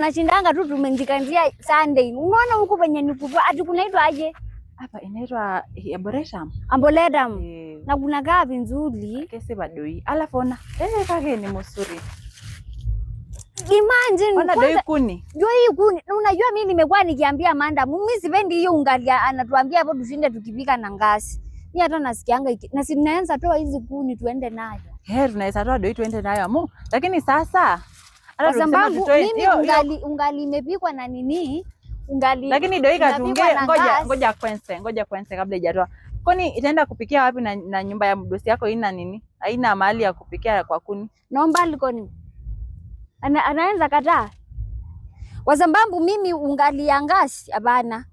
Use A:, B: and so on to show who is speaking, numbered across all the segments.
A: Tunashindanga tu tumejikanzia Sunday. Unaona huko penye nikuvua ati kunaitwa aje?
B: Hapa inaitwa Arboretum.
A: Amboledam Yeah. Na kuna gavi nzuri.
B: Kesi badoi. Alafu ona. Eh, kage ni msuri.
A: Imagine.
B: Ona doi kuni.
A: Doi kuni. Unajua mimi nimekuwa nikiambia Amanda, mimi sipendi hiyo ungalia anatuambia hapo tushinde tukipika na ngasi. Mimi hata nasikianga iki. Na si sinaanza toa hizi kuni tuende nayo.
B: Eh, tunaweza toa doi tuende nayo amu. Lakini sasa
A: sababu mimi ungali, ungali imepikwa na nini ungali,
B: lakini doika tunge ngoja ngoja kwense ngoja kwense kabla ijatoa kwani itaenda kupikia wapi na, na nyumba ya mdosi yako ina nini haina mahali ya kupikia kwa kuni
A: naomba likoni ana, anaanza kataa kwa sababu mimi ungali ya ngasi hapana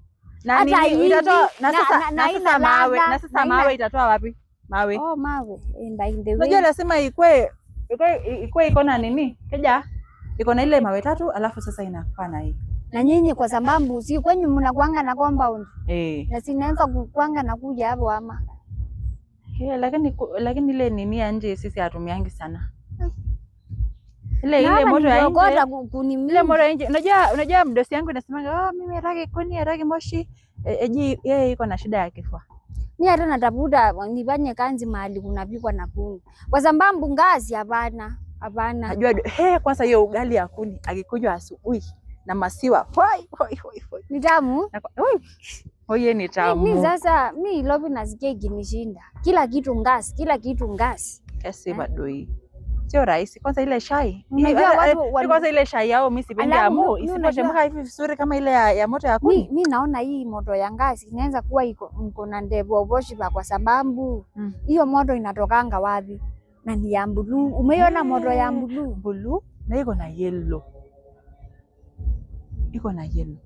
B: na, nini na sasa na, mawe na sasa mawe itatoa wapi mawe?
A: Oh, mawe.
B: Unajua lazima ikwe ikwe iko na nini keja iko na ile mawe tatu, alafu sasa inakaa na hii
A: na nyinyi, kwa sababu si kwenye mnakuanga na compound eh, na naanza kukuanga na kuja hapo ama
B: yeah, lakini lakini ile nini ya nje sisi hatumiangi sana eh. ile ile moto ya nje, ile moto ya nje. Unajua, unajua mdosi yangu inasemanga, ah, oh, mimi haraki kuni rage moshi eji, e, yeye iko na shida ya kifua.
A: Mimi hata natafuta nifanye kanzi mahali kunapikwa na kuni, kwa sababu ngazi hapana Hapana.
B: Najua he kwanza hiyo ugali ya kuni akikunywa asubuhi na masiwa. Hoi hoi hoi hoi. Ni tamu. Hoi, ni tamu. Mimi
A: sasa mimi lobi nasikia ikinishinda. Kila kitu ngasi, kila kitu ngasi.
B: Kesi eh? bado hii. Sio rahisi. Kwanza ile shai. Eh, eh, kwanza ile shai yao mimi sipendi amu. Isipochemka hivi vizuri kama ile ya, ya moto ya kuni.
A: Mimi naona hii moto ya ngasi inaweza kuwa iko na au boshi kwa sababu mm. hiyo mm, moto inatokanga wapi? na ni ya buluu. Umeiona modo ya mbulu mbulu, mm.
B: na iko na yellow. Iko na yellow.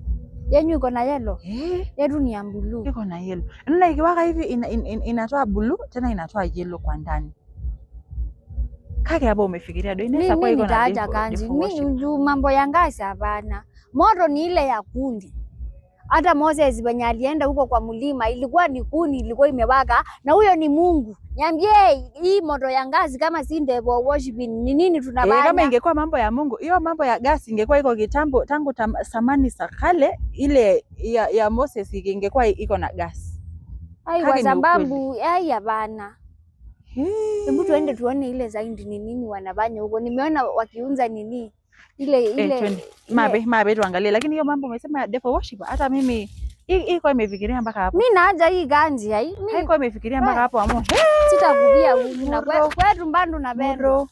A: Yenyu iko na yelo Eh? Yetu ni ya mbulu
B: Iko na yellow. Unaona ikiwaka hivi in, in, in, inatoa bulu tena inatoa yelo kwa ndani. Kake hapo umefikiria do inaweza kuwa iko na Kanji. Mimi
A: juu mambo ya ngasi hapana. Moro ni ile ya kundi. Hata Moses wenye alienda huko kwa mlima ilikuwa ni kuni ilikuwa imewaka na huyo ni Mungu. Niambie hii moto ya ngazi kama si ndebo worshiping ni nini tunabana? Eh,
B: kama ingekuwa mambo ya Mungu, hiyo mambo ya gasi ingekuwa iko kitambo tangu samani za kale, ile ya, ya Moses ingekuwa iko na gasi.
A: Ai, kwa sababu ai hapana. Hebu tuende tuone ile zaindi ni nini wanabanya huko. Nimeona wakiunza nini ile ile, eh, ile.
B: Mabe, mabe tuangalie, lakini hiyo mambo umesema devo worship hata mimi Iko imefikiria mpaka hapo.
A: Mimi naja hii ganji hai.
B: Iko imefikiria mpaka hapo amu.
A: Sitakuvia huko na kwetu mbandu na bero.